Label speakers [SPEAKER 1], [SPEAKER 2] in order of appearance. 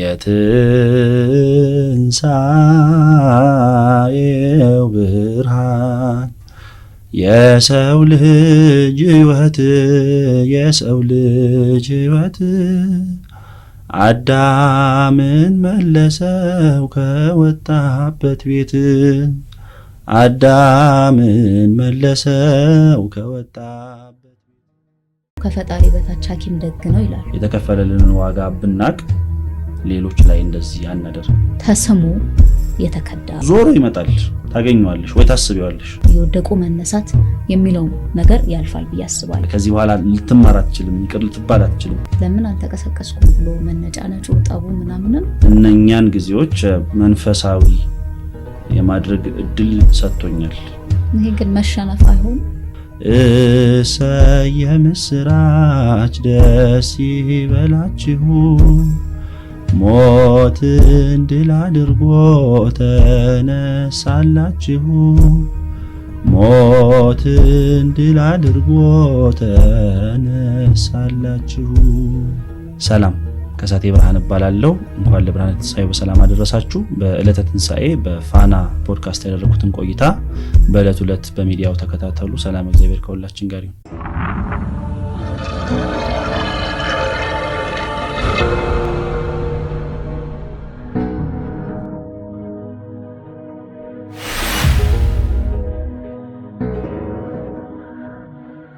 [SPEAKER 1] የትንሣኤው ብርሃን የሰው ልጅ ሕይወት የሰው ልጅ ሕይወት አዳምን መለሰው ከወጣበት ቤት አዳምን መለሰው ከወጣበት
[SPEAKER 2] ከፈጣሪ በታች ሐኪም ደግ ነው ይላል።
[SPEAKER 3] የተከፈለልንን ዋጋ ብናቅ ሌሎች ላይ እንደዚህ አናደርግ
[SPEAKER 2] ተስሙ የተከዳ
[SPEAKER 3] ዞሮ ይመጣል። ታገኘዋለሽ ወይ ታስቢዋለሽ።
[SPEAKER 2] የወደቁ መነሳት የሚለው ነገር ያልፋል ብዬ አስባለሁ።
[SPEAKER 3] ከዚህ በኋላ ልትማር አትችልም፣ ይቅር ልትባል አትችልም።
[SPEAKER 2] ለምን አልተቀሰቀስኩ ብሎ መነጫነጩ፣ ጠቡ ምናምንም እነኛን ጊዜዎች መንፈሳዊ የማድረግ እድል ሰጥቶኛል። ይሄ ግን መሸነፍ አይሆን እሰየ ምስራች፣ ደስ ይበላችሁን። ሞትን ድል አድርጎ ተነሳላችሁ። ሞትን ድል አድርጎ ተነሳላችሁ። ሰላም ከሳቴ ብርሃን እባላለሁ። እንኳን ለብርሃነ ትንሣኤው በሰላም አደረሳችሁ። በዕለተ ትንሣኤ በፋና ፖድካስት ያደረግኩትን ቆይታ በዕለት ሁለት በሚዲያው ተከታተሉ። ሰላም፣ እግዚአብሔር ከሁላችን ጋር ይሁን።